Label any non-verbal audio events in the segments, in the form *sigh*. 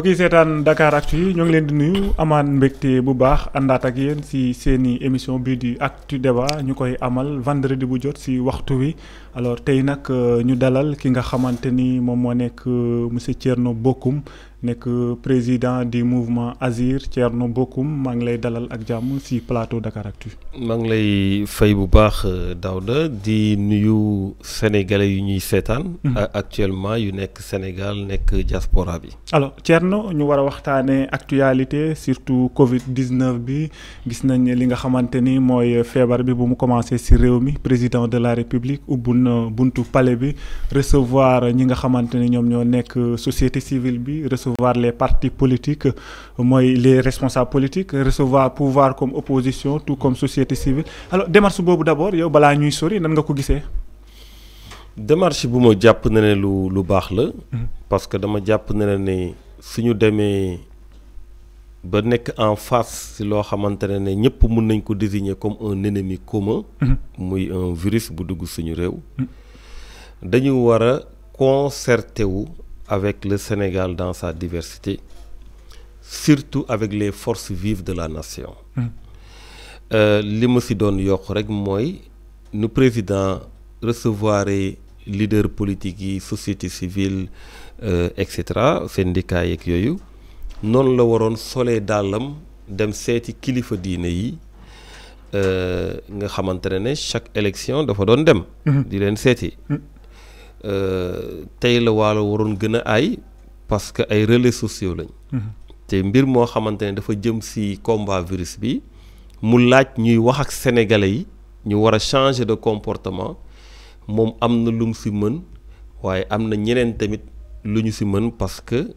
mbokk yi seetaan Dakar Actu yi ñoo ngi leen di nuyu amaan mbégte bu baax àndaat ak yéen si seeni émission bii di Actu Débat ñu koy amal vendredi bu jot si waxtu wi alors tey nag euh, ñu dalal ki nga xamante ni moom moo nekk euh, monsieur Thierno bokkum que président du mouvement Azir Thierno Bokum maa ngi lay dalal ak jamm si plateau Dakaractu. maa ngi lay fay bu baax euh, Daouda di nuyu sénégalais yu ñuy seetaan. Mhm. Euh, actuellement yu nek Sénégal que diaspora bi. alors Thierno ñu wara a actualité surtout Covid 19 bi gis nañ li nga xamante moy mooy bi bu mu commencé si réew mi président de la république ubbi na buntu palais bi recevoir ñi nga xamante ñom ñoo nek société civile bi recevoir recevoir les partis politiques mooy les responsables politiques recevoir pouvoir comme opposition tout comme société civile alors démarche boobu d'abord yow bala ñuy sori nan nga ko gisee démarche bu ma jàpp na le lu lu mm-hmm. parce que dama jàpp na ne suñu demee ba en face si loo xamante ne ñëpp nañ ko désigner comme un ennemi commun oui mm-hmm. un virus bu dugg suñu réew mm-hmm. dañu concerté wu avec le Sénégal dans sa diversité, surtout avec les forces vives de la nation. Hmm. Euh, li ma new york yokk rek président recevoir leader politique yi société civile euh, etc., syndicats et yoyu, non la waroon solee dem seeti kilifa diine yi euh, nga xamante ne chaque élection dafa don dem. Hmm. di len seeti. Hmm. Euh, tey la waalo waroon gën a aay parce que ay relais sociaux lañ. Mhm. te mbir moo xamante ne dafa jëm si combat virus bi mu laaj ñuy wax ak sénégalais yi ñu war changer de comportement moom am na lu mu si mën waaye am na ñeneen tamit lu ñu si parce que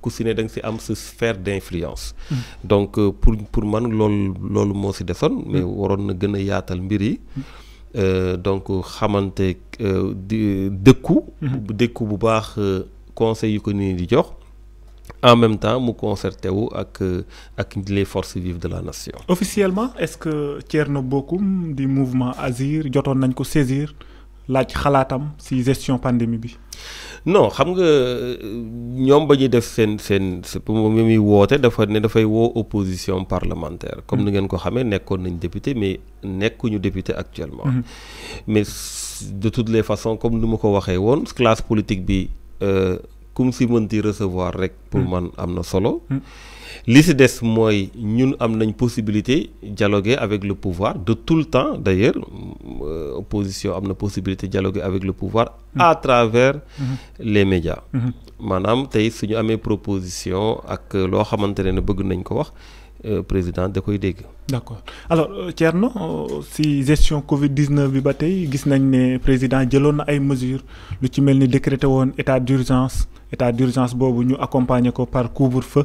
ku si ne da am sa sphère d' mhm. donc euh, pour pour man loolu loolu moo si desoon mais mhm. waroon na gën a yaatal mbir yi. Euh, donc xamante euh, dëkku. Mhm. dëkku bu baax euh, conseil yu ko nii di jox. en même temps mu concerté wu ak ak les forces vives de la nation. officiellement est-ce que Thierno Bocoum di mouvement Azir jotoon nañ ko saisir laaj xalaatam si gestion pandémie bi non xam nga euh, ñom bañu def sen sen moom mi muy dafa ne fay wo opposition parlementaire comme ni ngeen ko xamee nekkoon nañ député mais nekkuñu député actuellement mhm. mais de toutes les façons comme nous ko waxé won classe politique bi comme euh, si mën di recevoir rek pour mhm. man amna solo mhm li si des mooy ñun am nañ possibilité dialoguer avec le pouvoir de tout le temps d'ailleurs l'opposition euh, opposition une possibilité possibilité dialoguer avec le pouvoir mmh. à travers mmh. les médias mmh. Madame, tey suñu amee proposition ak le xamante ne bëgg nañ ko wax euh, président de koy dégg. d' alors euh, tierno, si gestion Covid 19 est ba tey gis nañ président jëloon na ay mesures lu ci mel décrété woon état d'urgence état d'urgence urgence accompagner par couvre-feu.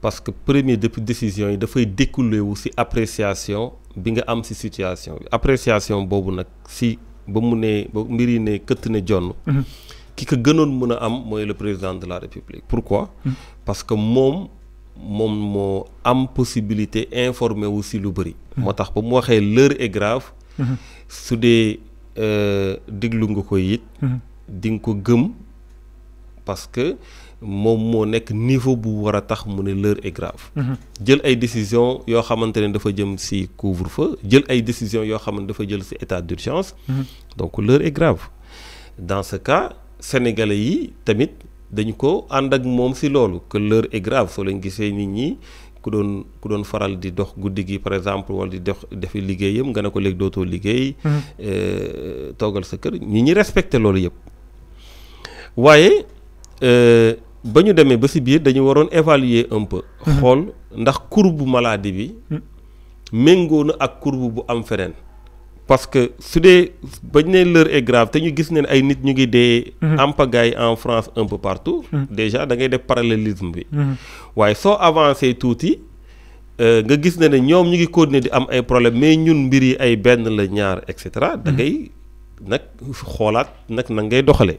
parce que premier depuis décision il faut découler aussi appréciation bi nga am ci situation appréciation bobu nak si ba mu ne ba ne ne mhm. ki ko am le président de la république pourquoi mhm. parce que mom n'ai pas am possibilité informer aussi ci lu bari mhm. moi tax mu l'heure est grave sous des euh, déglu nga ko it ko gëm parce que moom moo nekk niveau bu war a tax mu ne l'heure est grave jël ay décision yoo xamante ne dafa jëm si couvre-feu jël ay décision yoo xamante dafa jël ci état d'urgence donc l'heure est grave dans ce cas sénégalais yi tamit dañ ko ànd ak moom ci loolu que l'heure est grave soo leen gisee nit ñi ku doon ku doon faral di dox gi par exemple wala di dox defi liggéeyam nga ne ko léegi dootoo liggéey mhm. euh, toogal sa kër ñi ñi respecté loolu yëpp waaye euh, ba ñu demee ba si biir dañu waroon évaluer un peu. Hum. xool ndax courbe maladie bi. Hum. méngoo na ak courbe bu am feneen. parce que su dee bañ ne l'heure est grave te ñu gis ne ay nit ñu ngi dee. ampagaay hum. en France un peu partout. déjà da ngay def parallélisme bi. waaye soo avancé tuuti euh, nga gis ne ne ñoom ñu ngi continuer di am ay problème mais ñun mbir yi ay benn la ñaar et cetera. da ngay nag xoolaat nag na ngay doxalee.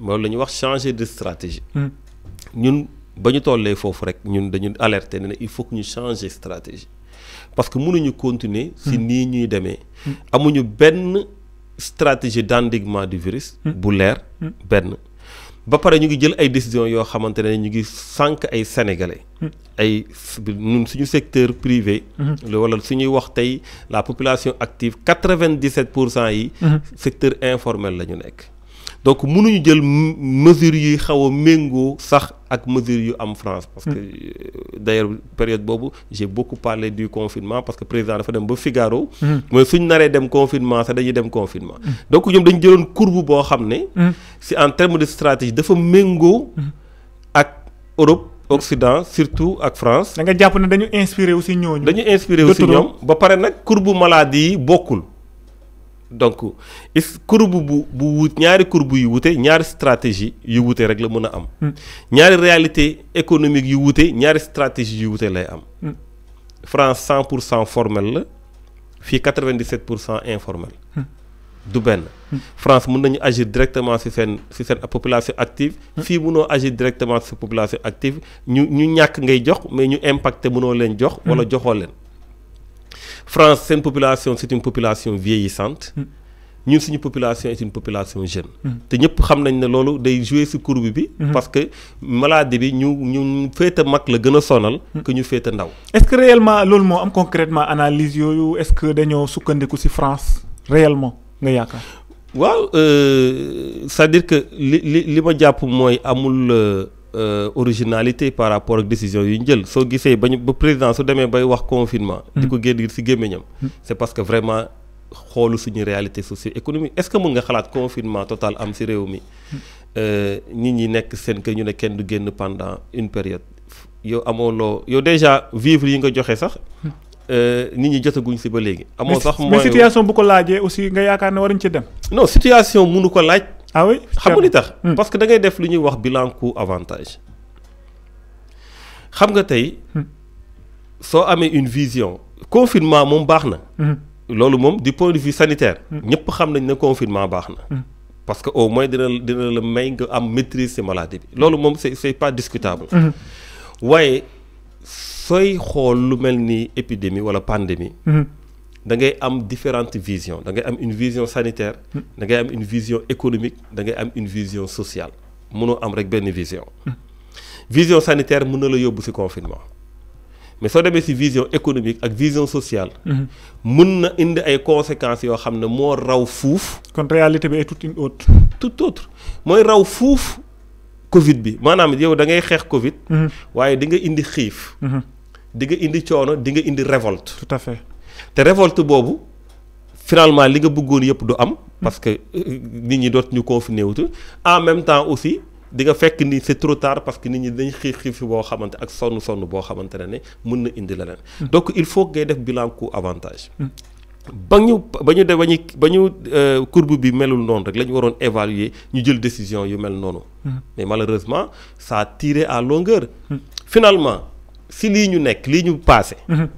loolu la ñuy wax changer de stratégie ñun ba ñu tollee foofu rek ñun dañu alerter ne il faut que ñu changer stratégie parce que mënuñu continuer si hmm. nii ñuy demee hmm. amuñu benn stratégie d'endiguement du virus hmm. bu leer benn ba pare ñu ngi jël ay décision yoo xamante ne ñu ngi sànq ay sénégalais. ay ñun suñu secteur privé. wala suñuy wax tey la population active 97 pour cent yi. secteur informel la ñu nekk. donc mënuñu jël mesures yi xaw a méngoo sax ak mesure en France parce que hmm. euh, d'ailleurs période bobo j'ai beaucoup parlé du confinement parce que président fait un ba Figaro mais hmm. suñ naree dem confinement ça dañuy un confinement hmm. donc on dañ une courbe pour ramener c'est en terme de stratégie dafa mingo ak Europe Occident surtout ak France da nga nous. ne dañu inspiré aussi nous dañu inspiré aussi nous ba pare nag courbe maladie beaucoup donc is courbe bu bu wut ñaari courbe yu wute ñaari stratégie yu wute rek la mën a am. Hmm. ñaari réalité économique yu wute ñaari stratégie yu wute lay am. Hmm. France 100 pour cent formel la fii 97 pour cent informel. Hmm. du benn. France mun nañu agir directement ci seen ci seen population active. fii mënoo agir directement ci population active ñu ñu ñàkk ngay jox mais ñu impacté mënoo leen jox. walla joxoo leen. France une population c'est une population vieillissante. nous hmm. une population est une population jeune. Hmm. te nous xam nañ ne loolu day jouer si courbe bi. Hmm. parce que maladie bi ñu ñu féete mag la sonal. que ñu féete ndaw. est-ce que réellement loolu am concrètement analyse yooyu est-ce que dañoo sukkandiku si France réellement nga yaakaar. euh, c'est-à-dire que li li li ma jàpp amul. Euh, euh, originalité par rapport aux décision yu jël soo une ba président su bay wax confinement. Hmm. diko gën ci gémmiñam. Hmm. c'est parce que vraiment xoolu suñu réalité socio-économique est-ce que mën nga confinement total am ci mi hmm. euh, nit ñi ñu ne pendant une période Yo vous yo déjà vivre yi nga ça sax. Euh, nit ñi si ba légui amo sax situation bu ko aussi nga yaakaar ne waruñ ci non situation ko ah oui xam li hmm. parce que da ngay def lu wax bilan coût avantage. xam nga tey hmm. soo amee une vision confinement moom baax na. Hmm. loolu moom du point de vue sanitaire. ñëpp xam nañ ne confinement baax parce que au moins dina dina la may nga am maîtrise ci maladie bi loolu c'est c'est pas discutable. waaye sooy xool lu mel ni épidémie wala pandémie da ngay am différentes visions da ngay am une vision sanitaire hmm. da ngay am une vision économique da ngay am une vision sociale mënoo am rek ben vision hmm. vision sanitaire mën le la yóbbu ci confinement mais vous avez ci vision économique ak vision sociale vous hmm. indi ay conséquences qui sont mo raw fouf kon réalité bi est toute autre Tout autre moy raw fouf covid bi manam yow da covid waye di nga indi xif di nga indi coono di nga indi révolte tout à fait te révolte bobu finalement li nga bëggoon yëpp du am. parce que euh, nit ñi ñu confiné wut en même temps aussi di nga fekk ni c'est trop tard parce que nit ñi dañ xex xiif bo xamante ak sonu sonu bo xamante ne ne mën na indi leneen. Mm. donc il faut ngay def bilan coût avantage. Mm. bañu bañu de ba ñu euh, courbe bi melul non rek lañ ñu évaluer ñu jël décision yu mel nonu mm. mais malheureusement ça a tiré à longueur. finalement si li ñu nek li ñu passé. Mm-hmm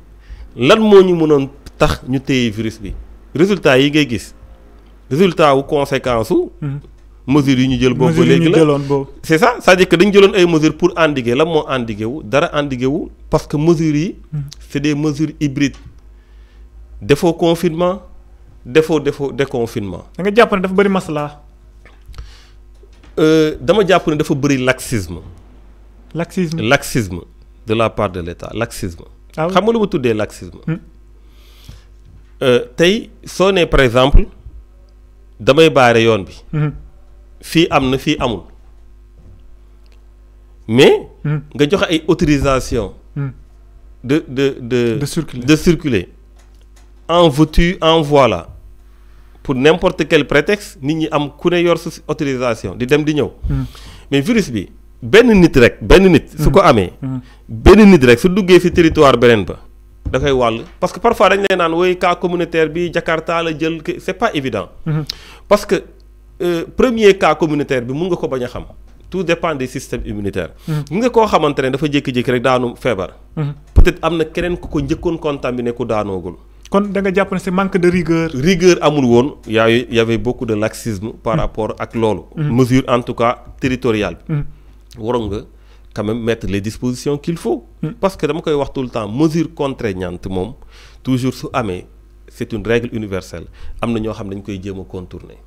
lan moo ñu mënoon tax ñu téye virus bi résultat yi ngay gis résultat wu conséquence su. Hmm. mesures yi ñu jël boobu léegi la c' ça c'est-à-dire que dañu jëloon ay mesures pour endiguer lan moo endiguer wu dara endiguer wu parce que mesures yi. Hmm. c' des mesures hybrides defoo confinement defoo defoo déconfinement. da nga jàpp ne dafa bëri maslaa. Euh, dama jàpp ne dafa bëri laxisme. laxisme laxisme de la part de l'État. laxisme. Ah xam nga lu ma tuddee hmm. euh, par exemple damay baré yone bi. hmm. fi amna fi amul. mais. Hmm. nga joxe ay autorisation. Hmm. de de de de circuler de circuler en veux en voilà pour n'importe quel prétexte nit ñi am ku né yor autorisation di dem di hmm. mais virus bi benn nit rek benn nit. su hmm. ko amee. Hmm. benn nit rek su duggee si territoire beneen ba. da koy wàll parce que parfois dañ lay naan woy cas communautaire bi Jakarta la jël c' est pas évident. Hmm. parce que euh, premier cas communautaire bi mun nga ko bañ a xam. tout dépend des systèmes immunitaires. mun nga koo xamante ne dafa jékki-jékki rek daanu feebar. peut-être am na keneen ku ko njëkkoon contaminé ku daanoogul. kon da nga jàpp ne c'est manque de rigueur. rigueur amul woon y' y' avait beaucoup de laxisme. par rapport ak loolu. mesure en tout cas territoriale bi waroon quand même mettre les dispositions qu'il faut. Hmm. parce que dama koy tout le temps mesure contraignante mom, toujours sous amé c'est une règle universelle am na xam dañ koy contourner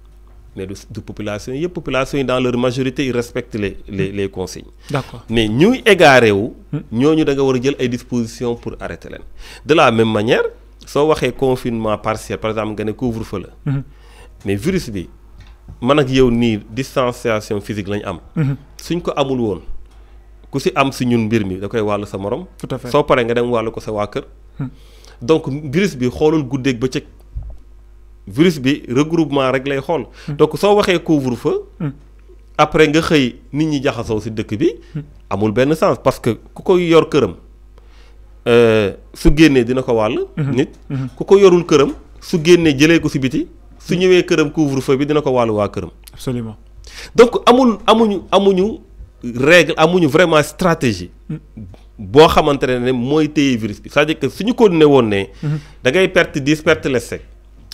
mais du population population dans leur majorité ils respectent les hmm. les les consignes. d'accord mais nous égaré wu. Hmm. ñoñu da nga wara jël ay dispositions pour arrêter de la même manière so waxé confinement partiel par exemple nga couvre-feu le mais virus bi. man ak yow nii distanciation physique lañ am. Mhm. suñ ko amul woon ku si am si ñun mbir mi da koy wàll sa morom. tout soo paree nga dem wàllu ko sa waa kër. Hmm. donc virus bi xoolul ba bëccëg virus bi regroupement rek lay xool. Hmm. donc soo waxee couvre-feu. Hmm. après nga xëy nit ñi jaxasoo si dëkk bi. amul benn sens parce que ku koy yor këram euh, su génnee dina ko wàll. nit ku ko yorul këram su génnee jëlee ko si biti. su ñëwee këram couvre-feu bi dina ko wàllu waa këram. absolument donc amul amuñu amuñu règle amuñu vraiment stratégie. Mm. boo xamante ne mooy téye virus c'est-à-dire que suñu continué ne. Mm-hmm. da ngay perte dix perte les sec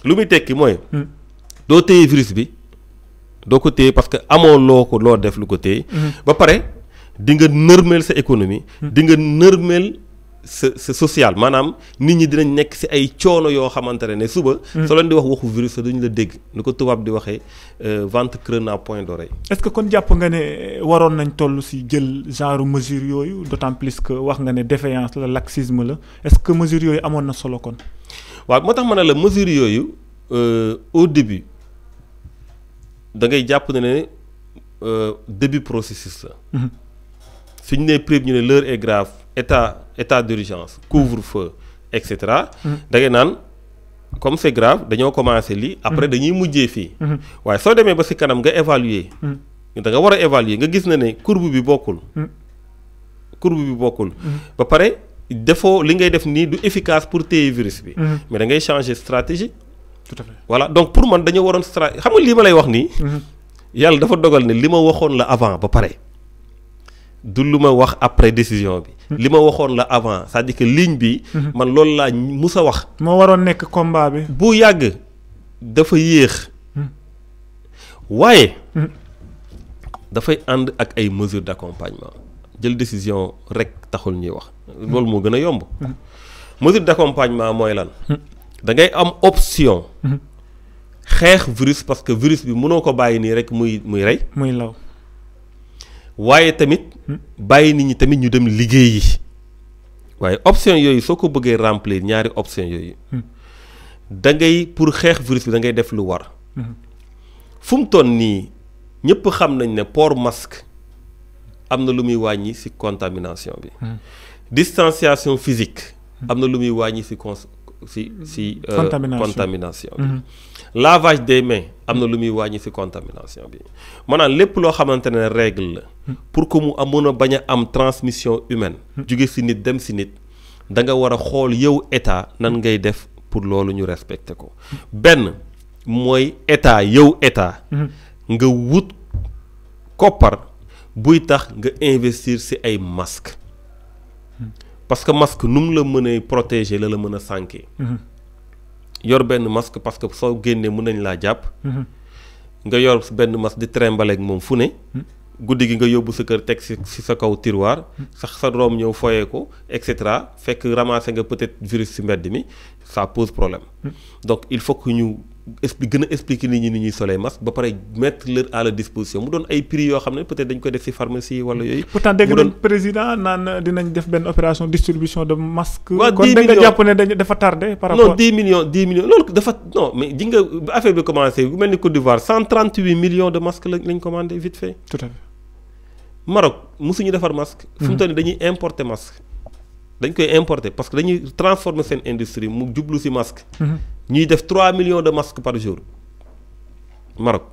lu muy tekki mooy. Mm. virus bi doo parce que amoo loo def lu ba économie c'est social manam nit ñi dinañ nek ci ay choono yo xamantene ne suba. Hmm. soo leen di wax waxu virus duñ la dégg ni ko tubaab di waxee euh, ventre creux n'a point d'oreille. est-ce que kon japp nga ne waron nañ tollu ci jël genre mesure yoyu d'autant plus que wax nga ne défaillance la laxisme la est-ce que mesure yoyu amon na solo kon. waaw motax tax la mesure euh au début da ngay jàpp ne euh, début processus la. Hmm. suñ né preuve ñu ne l'heure est grave état état d'urgence couvre-feu etc. cetera. Mm-hmm. da ngay comme c'est grave dañoo commencé li, après mm-hmm. dañuy mujjee fii. Mm-hmm. waaye soo demee ba si kanam nga évaluer. da nga war évaluer nga gis na courbe bi bokkul. courbe bi bokkul. ba pare defoo li ngay def ni du efficace pour téye virus bi. mais da ngay changer stratégie. tout à fait voilà donc pour man dañoo waroon stra xam nga li ma lay wax ni yalla dafa dogal ne lima waxone la avant ba paré du lu wax après décision bi li ma la avant c'est-à-dire que ligne bi. Mhm. man loolu laa mus a wax. moo waroon nekk combat bi. bu yàgg dafa yéex. Mhm. waaye. Mhm. dafay ànd ak ay mesures d'accompagnement jël décision rek taxul ñuy wax. loolu moo yomb. mesure d'accompagnement da ngay am option. xeex virus parce que virus bi peut ko bàyyi rek waaye tamit hmm? bàyyi nit ñi tamit ñu dem liggéey yi waaye option yooyu remplir ñaari option yooyu hmm. da ngay pour virus bi da ngay def lu war hmm. ne port masque am lu muy contamination bi distanciation physique lu muy euh, contamination lavage des mains amna lu muy wañi ci contamination bi manan lepp lo xamantene règle pour que mu amono baña am transmission humaine jóge ci nit dem ci nit da nga wara xol yow état nan ngay def pour loolu ñu respecter ko Ben, moy état yow état nga wut koppar buy tax nga investir ci ay masque parce que masque num la mën protéger la la mën yor benn masque parce que soo génnee mën nañ laa jàpp. Mhm. nga yor benn masque di trembaleeg moom fu ne. Mhm. guddi gi nga yóbbu sa kër teg si sa kaw tiroir. Mhm. sax sa doom ñëw foyee ko et cetera fekk ramasser nga peut-être virus si mbedd mi ça pose problème. donc il faut que ñu expli gën a expliquer nit ñi ni ñuy solee masque ba pare mettre leur à la disposition mu doon ay prix yo xam peut-être dañ koy def ci pharmacie wala yoy pourtant dégg nañ président naan dinañ def ben opération distribution de masque. waaw kon da nga jàpp ne dafa tardé. par rapport non 10 millions 10 millions loolu dafa non mais ji nga affaire bi commencé bu melni ni Côte d'Ivoire 138 millions de masques lañ commandé vite fait. tout à fait Maroc mosuñu defar masque. Mm-hmm. fu mu toll nii dañuy importer masque. dañ koy importer parce que dañuy transformer seen industrie mu djublu ci masque. Mm-hmm ñuy def 3 millions de masques par jour Maroc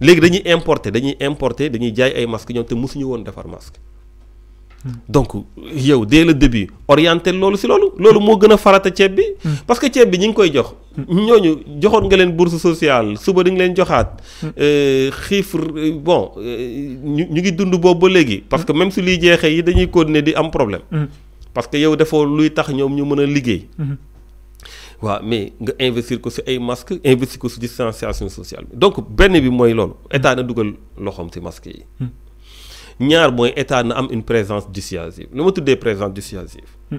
légui dañuy importer dañuy importer dañuy jaay ay masques ñoom te mësuñu won défar masque hmm. donc yow dès le début orienter lolu ci lolu lolu mo gëna farata ceeb bi hmm. parce que ceeb bi ñi ngi koy jox hmm. ñooñu joxoon nga leen bourse sociale suba di nga leen joxaat chiffre euh, euh, bon euh, ñu ngi dund boobu ba léegi parce que même su li jéxé yi dañuy continuer di am problème parce que yow defoo luy tax ñom ñu mëna a liggéey wa mais nga investir ko si ay masque investir ko si distanciation sociale donc benn bi mooy loolu état na dugal loxom ci masque yi. Hmm. ñaar mooy état na am une présence dissuasive lu ma tuddee présence dissuasive. Hmm.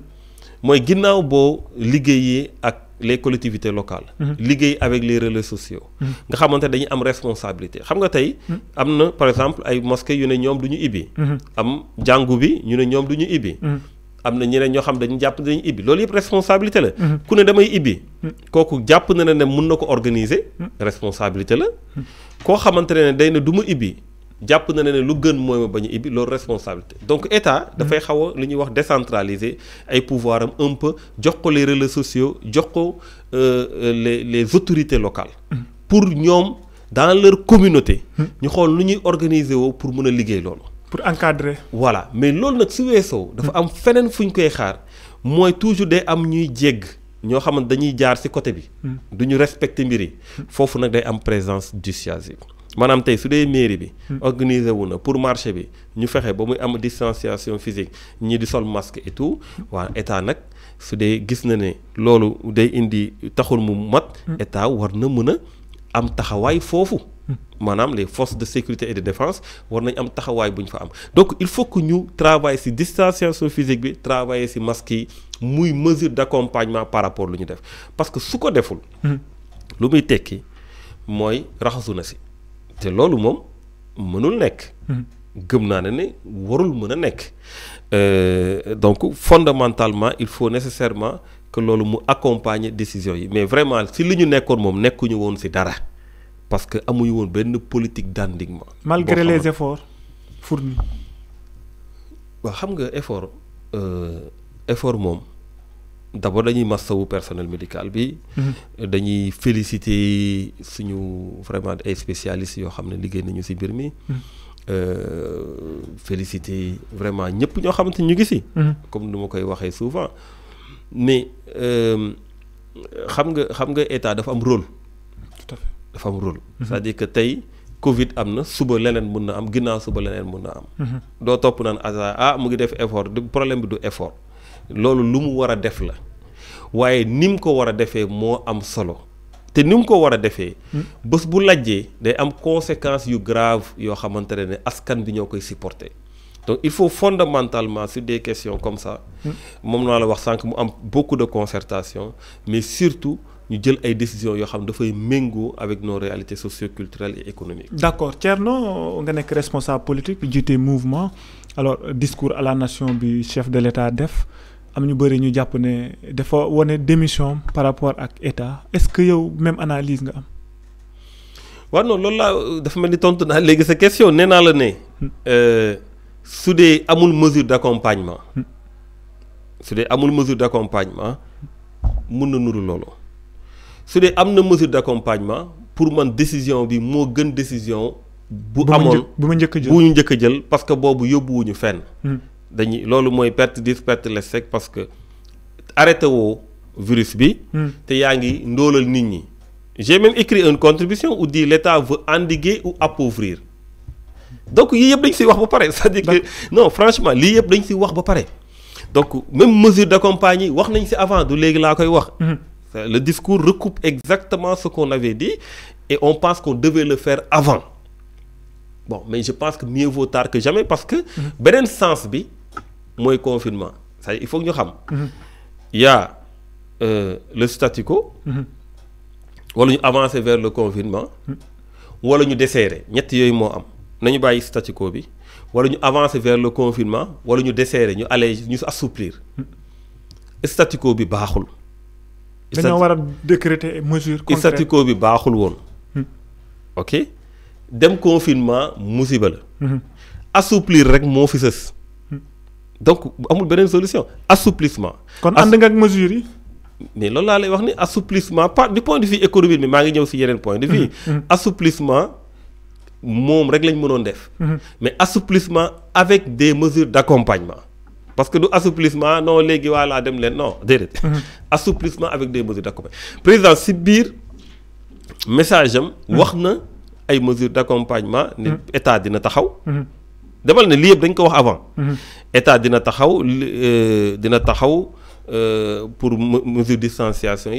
mooy ginnaaw boo liggéeyee ak les collectivités locales. Hmm. liggéey avec les relais sociaux. nga xamante dañuy am responsabilité xam nga tey. am na par exemple ay masque yu ne ñoom du ñu ibbi. am jàngu bi ñu ne ñoom du ñu ibbi amna na ñeneen ñoo xam dañu jàpp ne dañu ibbi loolu yëpp responsabilité la. Mhm. ku ne damay ibbi. Mhm. kooku jàpp na ne mun na ko organiser. Mhm. responsabilité la. koo xamantene ne day ne du ma ibbi. jàpp na ne lu gën mooy ma bañ a ibbi loolu responsabilité donc état dafay xaw a lu ñuy wax décentraliser ay pouvoir am un peu jox ko les relais sociaux jox ko euh, euh, les les autorités locales. pour ñoom dans leur communauté. ñu xool lu ñuy organiser woo pour mën a liggéey loolu pour encadrer. voilà mais lool nak su weesoo. dafa am fenen fuñ koy xaar moy toujours day am ñuy jégg ñoo xamant dañuy jaar ci côté bi. Hmm. duñu respecter mbiri hmm. fofu nak day am présence dissuasive maanaam tey su dee mairie bi. Hmm. organiser wu na pour marché bi ñu fexé ba muy am distanciation physique ñi di sol masque et tout wa état nak su dee gis na né loolu day indi taxul mu mat. état war na mëna am taxaway fofu manam les forces de sécurité et de défense war am donc il faut que ñu sur ci distanciation physique bi travailler ci masque les muy mesure d'accompagnement par rapport lu ñu def parce que su ko deful. Hmm. lu muy tekki moy raxasu na ci té lolu mom mënul nek hmm. gëm na né warul euh, donc fondamentalement il faut nécessairement que lolu mu accompagne décision yi mais vraiment si li ñu mom moom nous woon ci dara parce que amuñu woon politique d'endiguement. malgré les efforts fournis. waaw xam nga effort euh, effort moom d'abord dañuy massawu personnel médical bi. Mhm. dañuy féliciter suñu vraiment ay spécialistes yoo xam ne liggéey nañu ci mbir mi. Mhm. euh, féliciter vraiment ñépp ñoo xamante ñu ngi ci. Mhm. comme nu ma koy waxee souvent mais euh, xam nga xam nga état dafa am rôle dafa am rôle. Mhm. c'est-à-dire que tey Covid am na suba leneen mun na am ginnaaw suba leneen mun na am. Mhm. doo topp naan ah mu ngi def effort problème bi du effort. loolu lu mu war a def la waaye ni mu ko war a defee moo am solo te ni mu ko war a defee. Mhm. bés bu lajjee day am conséquences yu grave yoo xamante ne askan bi ñoo koy supporter. donc il faut fondamentalement sur des questions comme ça. moom naa la wax sànq mu am beaucoup de concertation mais surtout nous jël ay décisions qui xam dafay méngoo avec nos réalités socio-culturelles et économiques. D'accord. Tcherno, Thierno nga responsable politique du mouvement alors discours à la nation du chef de l'État def am ñu bëri ñu jàpp ne démission par rapport à l'État. est ce que yow même analyse nga am. non que je dafa mel ni tontu naa C'est sa question si naa la ne. Hmm. Euh, su amul mesure d'accompagnement accompagnement. Hmm. amul mesure d'accompagnement su dee am na mesure d'accompagnement pour mon décision bi mo gën décision. bu amone bu ma ñëk jël bu ñu ñëk jël parce que bobu yobbu wuñu fenn. hmm. dañuy lolu moy perte dix perte les rek parce que arrêté woo virus bi. Hmm. te yaangi ndolal nit ñi. j'ai même écrit une contribution où dit l'État veut endiguer ou appauvrir donc yi yëpp dañ ci wax ba paré c'est-à-dire que non franchement li yëpp dañ ci wax ba paré donc même mesure d'accompagnement wax nañ ci avant du légui la koy wax. hmm. Le discours recoupe exactement ce qu'on avait dit et on pense qu'on devait le faire avant. Bon, mais je pense que mieux vaut tard que jamais parce que un mhm. sens bi confinement il faut que ñu xam. Mhm. il y a euh, le statu quo. Mhm. wala ñu avancer vers le confinement. wala nous desserrer Nous yooyu am nañu le statu quo bi wala ñu avancer vers le confinement wala nous desserrer nous allons nous assouplir statu quo bi baaxul dañoo war a décréter mesure contraire statu bi baaxul hmm. ok dem confinement musiba la. Hmm. assouplir rek moo fi sës. Hmm. donc amul beneen solution assouplissement. kon ànd nga ak mesures mais loolu laa lay wax ni assouplissement pas du point de vue économique bi maa ngi ñëw si yeneen point de vue. assouplissement moom rek lañ mënoon def. mais assouplissement avec des mesures d'accompagnement parce que nous, assouplissement non les gens dem non mhm. assouplissement avec des mesures d'accompagnement président Sibir, message mhm. a mesures d'accompagnement. Mhm. état dina taxaw. demal ne c'est ce avant. état dina taxaw euh, dina taxaw euh, pour mesure distanciation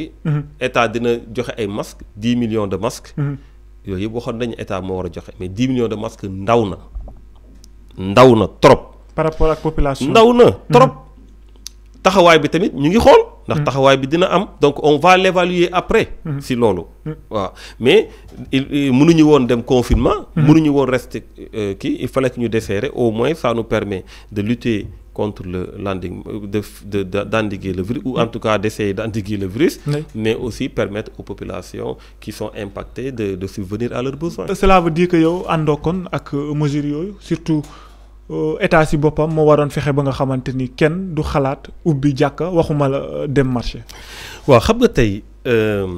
état dina joxe ay masques 10 millions de masques. mais 10 millions de masques trop par rapport ak population ndaw na hmm. trop taxaway bi tamit ñu ngi ndax hmm. bi dina am donc on va l'évaluer après hmm. si le wa mais mënuñu won dem confinement nous won rester Qui euh, il fallait que nous desserrer au moins ça nous permet de lutter contre le landing de d'endiguer le virus ou en tout cas d'essayer d'endiguer le virus mais aussi permettre aux populations qui sont impactées de de subvenir à leurs besoins euh, cela veut dire que yow andokon kon ak mesures yoyu surtout Euh, état si boppam moo waroon fexe ba nga xamante ni kenn du xalaat ubbi jàkka waxuma la euh, dem marché. waaw xam nga tey euh,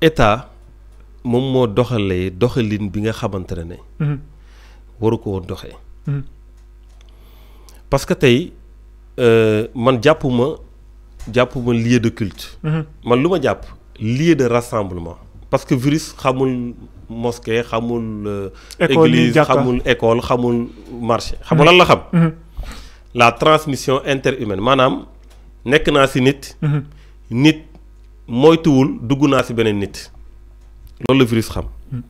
état moom moo doxalee doxalin bi nga xamante ne ne. Mhm. waru ko woon doxee. Mhm. parce que tey man jàppuma jàppuma lieu de culte. Mhm. man lu ma jàpp lieu de rassemblement parce virus xamul. mosquée xamul. Euh, église xamul école xamul marché. xamul lan la xam. Mm-hmm. la transmission interhumaine Manam nek na ci nit. Mm-hmm. nit moytuul dugg naa si beneen nit. loolu le virus xam. Mm-hmm.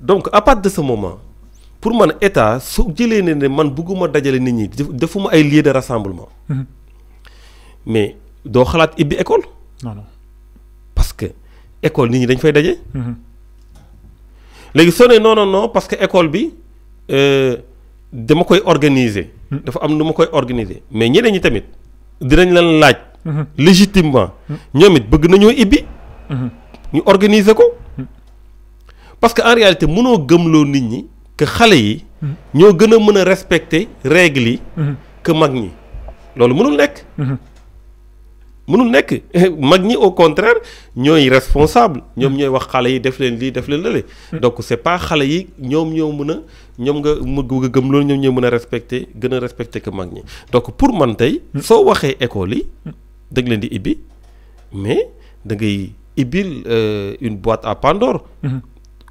donc à partir de ce moment pour man état su jëlee né man bëgguma dajalé nit ñi defuma ay lieu de rassemblement. mais do xalat ibi école. non non parce que école nit ñi dañ fay daje léegi soné non non non parce que école bi euh, dama koy organiser. Hmm. dafa am nu koy organiser mais ñeneen ñi tamit dinañ lan laaj. Hmm. légitimement. Hmm. ñomit bëgg nañu ibbi. ñu organiser ko. parce que en réalité gëm lo nit ñi que xalé yi. ñoo gëna mëna respecter règles yi. que mag ñi lolu mënul nek mënul nekk *laughs* mag ñi au contraire ñooy responsable ñoom ñooy wax xale yi def leen lii def leen lële donc c'est pas xale yi ñoom ñoo mën a ñoom nga nga gëm loolu ñoom ñoo mën a respecter gën a respecter que mag ñi donc pour man tey soo waxee école yi da leen di ibbi mais da ngay ibbil euh, une boîte à Pandore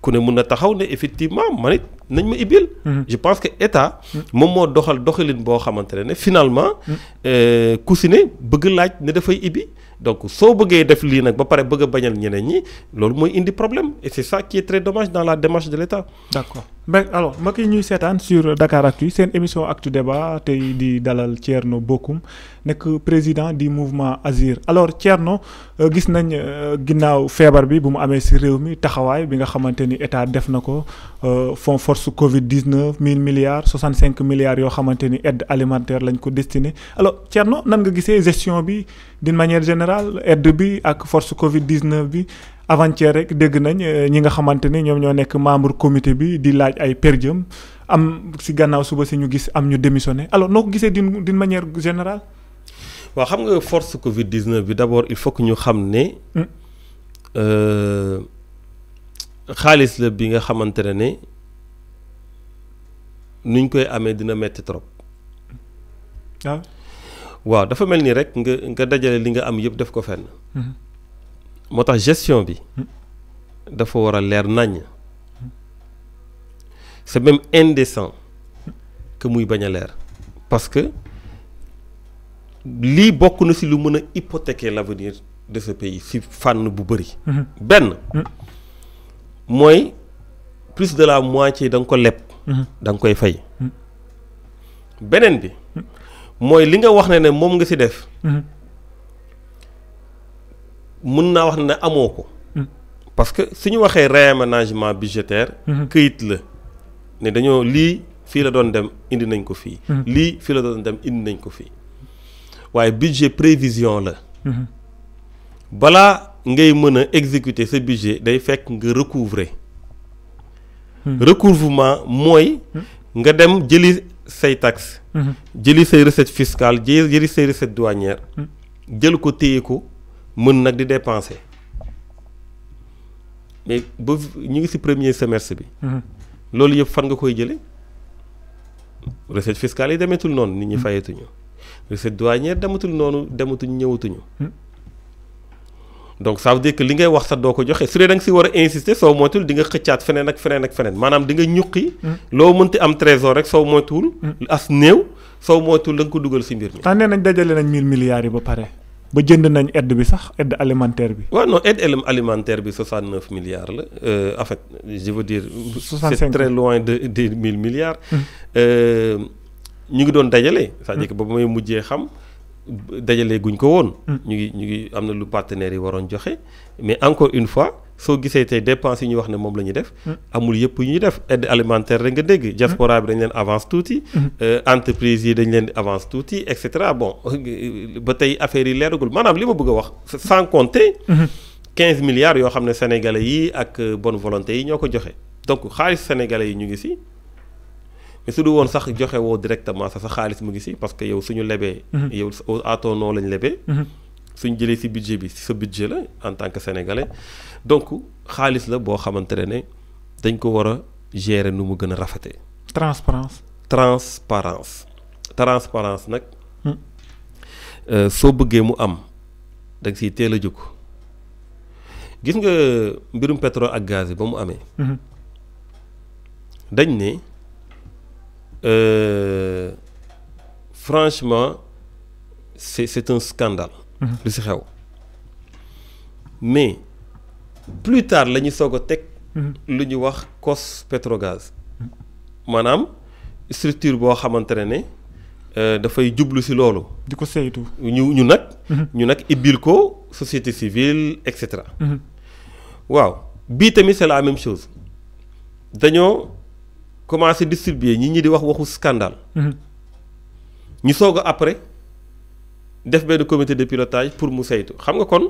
ku ne mun na taxaw ne effectivement man it nañ ma ibbil mhm. je pense que état moom moo doxal doxalin boo xamantene ne finalement mhm. euh, ku si ne bëgg laaj ne dafay ibbi donc soo bëggee def lii nag ba pare bëgg a bañal ñeneen ñi loolu mooy indi problème et c'est ça qui est très dommage dans la démarche de l'état d'accord ben alors suis venu ñuy année sur Dakar c'est une émission Actu Débat tey di dalal Thierno Bokoum, nek président du mouvement Azir alors Tierno, euh, gis nañ euh, ginnaaw feebar bi bu mu amé ci réew mi taxaway bi nga xamante état def nako euh fonds force Covid 19 1000 milliards 65 milliards yo xamante aide alimentaire lañ ko destiné alors Thierno nan nga gisee gestion bi d'une manière générale aide bi ak force Covid 19 bi. avant rek dégg nañ euh, ñi nga xamante ni ñoom ñoo nekk membre comité bi di laaj ay per am si gànnaaw suba si ñu gis am ñu démissionné alors noo ko gisee d'une d'une manière générale. waaw xam nga force Covid 19 bi d'abord il faut que ñu xam ne. Hmm. Euh, xaalis la bi nga xamante ne ne nuñ koy amee dina metti trop. Ah. waaw dafa mel ni rek nga nga dajale li nga am yëpp def ko fenn. Hmm. moo tax gestion bi hmm. dafa war a leer c'est même indécent que muy bañ a parce que lii bokk na ci lu mën a hypothéquer l'avenir de ce pays si fànn bu ben benn hmm. mooy plus de la moitié da nga ko leb da nga koy fay beneen bi mooy li nga wax ne ne moom nga ci def mën naa wax ne amoo hmm. parce que su ñu waxee réaménagement budgétaire. Hmm. Hmm. këyit la ne dañoo lii fii la doon dem indi nañ ko fii. lii fii la doon dem indi nañ ko fii waaye budget prévision la. balaa ngay mën a exécuter ce budget day fekk nga recouvrer. recouvrement mooy. nga dem jëli say taxe jëli say recette fiscale jëli say recette douanière. jël ko téye ko. mën nag di dépenser mais ba ñu ngi ci premier semestre bi. Mhm. loolu yëpp fan nga koy jële recette fiscale yi demetul noonu nit ñi mhm. fayatuñu. recette douanière dematul noonu dematuñ ñëwatuñu. Mhm. donc ça veut que li ngay wax sax doo ko joxe su dee da nga si war a insister soo moytuwul di nga xëccaat feneen ak feneen ak feneen maanaam di nga ñuqi. loo mënti am trésor rek soo moytuwul. as néew soo moytuwul da ko dugal si mbir mi. ah nañ dajale nañ 1000 milliards yi ba pare. ba jënd nañ aide bi sax aide alimentaire bi. waaw non aide alimentaire bi 69 milliards la euh, en fait je veux dire. c'est très loin de 10 1000 milliards. Hum. Euh, ñu ngi doon dajale. c'est-à-dire hum. que ba may mujjee xam. dajale guñ ko woon. Hum. ñu ngi ñu ngi am na lu partenaire yi waroon joxe mais encore une fois soo gisee dépenses ñu wax ne def. amul alimentaire nga diaspora bi dañ leen avance mm-hmm. euh, entreprise yi bon euh, affaire yi sans compter. 15 mm-hmm. milliards yoo sénégalais yi euh, bonne volonté donc sénégalais yi ñu ngi mais su du sax directement parce que yow mm-hmm. à ton nom lañ budget bi budget en tant que sénégalais donc xaalis la boo xamantene ne dañ ko war a gérer nu mu gën a rafetee. transparence transparence transparence nag. Hmm. Euh, soo bëggee mu am da nga siy teel a jóg gis nga mbirum pétrole ak gaz yi ba mu amee. Hmm. dañ ne euh, franchement c'est c'est un scandale. Hmm. lu si xew mais plus tard lañu ñu soog a teg mhm. lu ñu wax cos pétrogaz maanaam structure boo xamantene ne ne euh, dafay jublu si loolu di ko saytu ñu ñu nag mhm. ñu nag ibbil société civile etc. cetera mhm. waaw bii tamit c'est la même chose dañoo commencé distribuer ñi ñi di wax waxu scandale ñu soog après def benn comité de pilotage pour mu saytu xam nga kon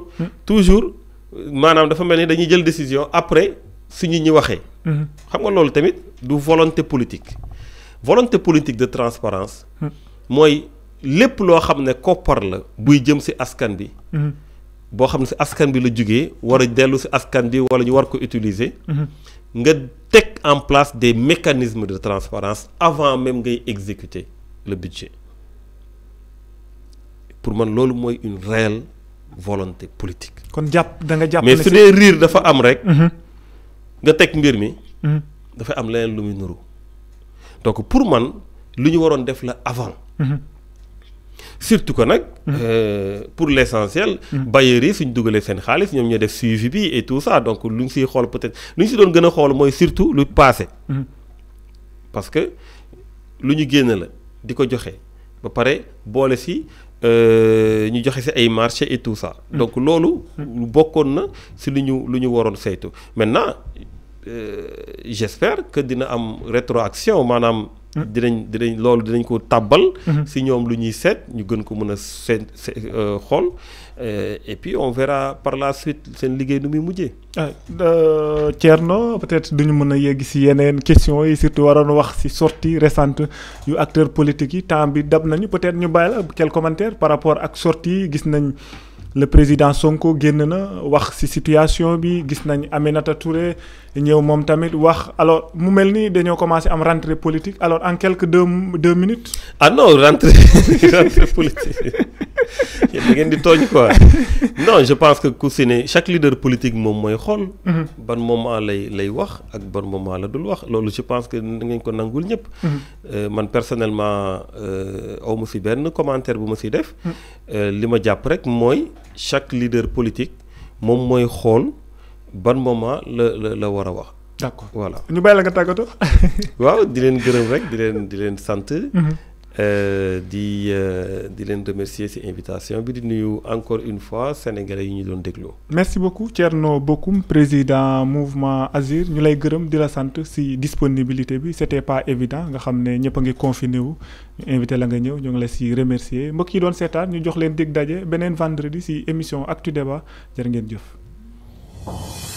toujours maanaam dafa mel ni dañuy jël décision après su ñu ñi waxee. Mhm. xam nga du volonté politique volonté politique de transparence mhm. mooy lépp loo xam ne koppar la buy jëm ci askan bi. Mhm. boo xam ne ci askan bi la jugee war a ci askan bi wala ñu ko utiliser. nga teg en place des mécanismes de transparence avant même ngay exécuter le budget pour man loolu mooy une réelle volonté politique. kon jàpp da nga mais c'est des rires dafa am rek. Mhm. nga tek mbir mi. Mhm. dafa am leneen lu nuru. donc pour man lu ñu waroon def la avant. Mhm. surtout que euh, pour l'essentiel essentiel. une yi suñ dugalee sen de ñom ñoo def suivi bi et tout ça donc luñ ci xol peut-être luñ ci doon gëna a moy surtout lu passé. parce que lu ñu génn la diko joxé joxe ba pare boole si. Euh, ñu joxe ci ay marché et tout ça. Mm. donc loolu. bokkoon na si lu ñu lu ñu waroon saytu maintenant euh, j'espère que dina am rétroaction maanaam. Mm. dinañ dinañ loolu dinañ ko tàbbal. Mm-hmm. si ñoom lu ñuy seet ñu gën ko mën a seet euh, xool. Euh, et puis on verra par la suite sen que nous mujjé ah euh, peut-être duñu nous a une question yeneen questions yi surtout wax sortie récente yu acteur politique yi dab nañu peut-être ñu nous quel quelques commentaires par rapport à ak sortie gis nañ le président Sonko génn na wax ci situation bi gis nañ Aminata Touré ñëw moom tamit wax alors mu mel ni dañoo commencé am rentrée politique alors en quelques deux deux minutes. ah non rentrée *laughs* rentrée politique da ngeen di tooñ quoi non je pense que ku chaque leader politique moom mooy xool. Mhm. ban moment lay lay wax ak ban moment la dul wax loolu je pense que ngeen ko nangul ñëpp. Mhm. Euh, man personnellement euh, aw ma si benn commentaire bu ma si def. Mhm. Euh, li ma jàpp rek mooy chaque leader politique moom mooy xool ban moment la la la war a wax. d' accord voilà ñu bàyyi la nga tàggatoo. *laughs* waaw di leen gërëm rek di leen di leen sant. Mm-hmm. Euh, di euh, di leen remercier ci invitation bi di nuyu encore une fois sénégalais yi ñu doon déglu. merci beaucoup Thierno Bocoum président mouvement Azir ñu lay gërëm di la sant ci disponibilité bi c'était pas évident nga xam ne ñëpp a ngi confiné wu invité la nga ñëw ñu ngi la remercier mbokk yi doon seetaan ñu jox leen dig daje beneen vendredi ci émission Actu Débat jërë ngeen jëf.